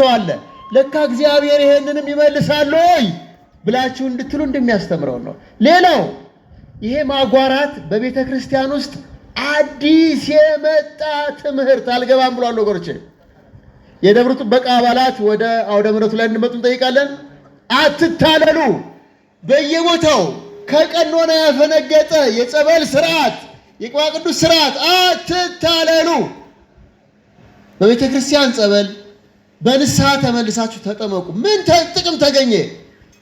ሰው አለ። ለካ እግዚአብሔር ይሄንንም ይመልሳሉ ወይ ብላችሁ እንድትሉ እንደሚያስተምረው ነው። ሌላው ይሄ ማጓራት በቤተ ክርስቲያን ውስጥ አዲስ የመጣ ትምህርት አልገባም ብሏል። ወገኖች የደብረ ጥበቃ አባላት ወደ አውደ ምረቱ ላይ እንድመጡ እንጠይቃለን። አትታለሉ። በየቦታው ከቀኖና ያፈነገጠ የጸበል ስርዓት፣ የቅባ ቅዱስ ስርዓት አትታለሉ። በቤተ ክርስቲያን ጸበል በንስሐ ተመልሳችሁ ተጠመቁ። ምን ጥቅም ተገኘ?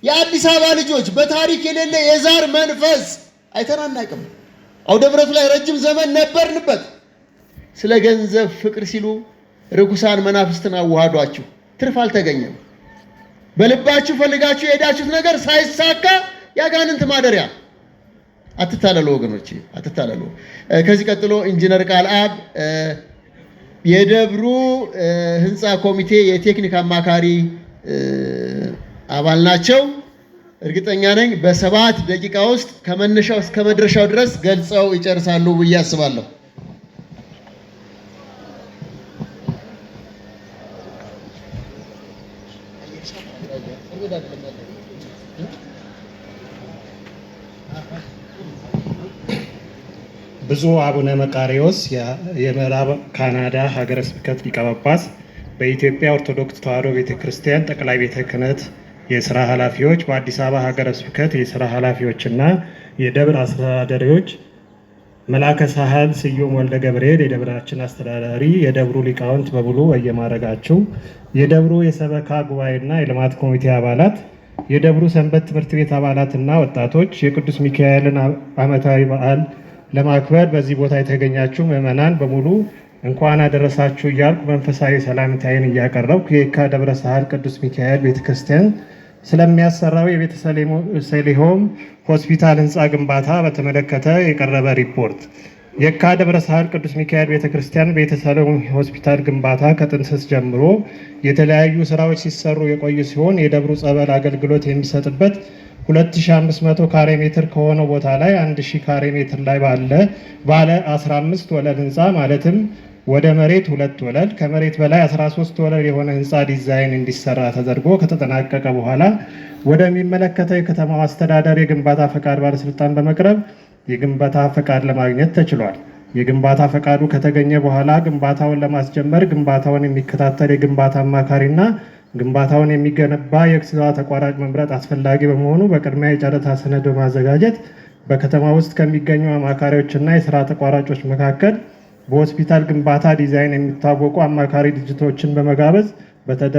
የአዲስ አበባ ልጆች በታሪክ የሌለ የዛር መንፈስ አይተናናቅም። አውደ ምሕረቱ ላይ ረጅም ዘመን ነበርንበት። ስለ ገንዘብ ፍቅር ሲሉ ርኩሳን መናፍስትን አዋህዷችሁ ትርፍ አልተገኘም። በልባችሁ ፈልጋችሁ የሄዳችሁት ነገር ሳይሳካ ያጋንንት ማደሪያ። አትታለሉ ወገኖች፣ አትታለሉ። ከዚህ ቀጥሎ ኢንጂነር ቃል አብ የደብሩ ህንፃ ኮሚቴ የቴክኒክ አማካሪ አባል ናቸው። እርግጠኛ ነኝ በሰባት ደቂቃ ውስጥ ከመነሻው እስከ መድረሻው ድረስ ገልጸው ይጨርሳሉ ብዬ አስባለሁ። ብፁዕ አቡነ መቃሪዎስ የምዕራብ ካናዳ ሀገረ ስብከት ሊቀ ጳጳስ፣ በኢትዮጵያ ኦርቶዶክስ ተዋሕዶ ቤተ ክርስቲያን ጠቅላይ ቤተ ክህነት የስራ ኃላፊዎች፣ በአዲስ አበባ ሀገረ ስብከት የስራ ኃላፊዎችና የደብር አስተዳደሪዎች፣ መላከ ሳህል ስዩም ወልደ ገብርኤል የደብራችን አስተዳዳሪ፣ የደብሩ ሊቃውንት በሙሉ በየማዕረጋችሁ፣ የደብሩ የሰበካ ጉባኤና የልማት ኮሚቴ አባላት የደብሩ ሰንበት ትምህርት ቤት አባላትና ወጣቶች የቅዱስ ሚካኤልን ዓመታዊ በዓል ለማክበር በዚህ ቦታ የተገኛችሁ ምዕመናን በሙሉ እንኳን አደረሳችሁ እያልኩ መንፈሳዊ ሰላምታዬን እያቀረብኩ የካ ደብረ ሳህል ቅዱስ ሚካኤል ቤተክርስቲያን ስለሚያሰራው የቤተ ሰሊሆም ሆስፒታል ህንፃ ግንባታ በተመለከተ የቀረበ ሪፖርት የካ ደብረ ሳህል ቅዱስ ሚካኤል ቤተክርስቲያን ቤተ ሰሊሆም ሆስፒታል ግንባታ ከጥንስስ ጀምሮ የተለያዩ ስራዎች ሲሰሩ የቆዩ ሲሆን የደብሩ ጸበል አገልግሎት የሚሰጥበት 2500 ካሬ ሜትር ከሆነው ቦታ ላይ 1000 ካሬ ሜትር ላይ ባለ ባለ 15 ወለል ህንፃ ማለትም ወደ መሬት ሁለት ወለል ከመሬት በላይ 13 ወለል የሆነ ህንፃ ዲዛይን እንዲሰራ ተደርጎ ከተጠናቀቀ በኋላ ወደሚመለከተው የከተማው አስተዳደር የግንባታ ፈቃድ ባለስልጣን በመቅረብ የግንባታ ፈቃድ ለማግኘት ተችሏል። የግንባታ ፈቃዱ ከተገኘ በኋላ ግንባታውን ለማስጀመር ግንባታውን የሚከታተል የግንባታ አማካሪና ግንባታውን የሚገነባ የክስዋ ተቋራጭ መምረጥ አስፈላጊ በመሆኑ በቅድሚያ የጨረታ ሰነድ በማዘጋጀት በከተማ ውስጥ ከሚገኙ አማካሪዎችና የስራ ተቋራጮች መካከል በሆስፒታል ግንባታ ዲዛይን የሚታወቁ አማካሪ ድርጅቶችን በመጋበዝ በተደ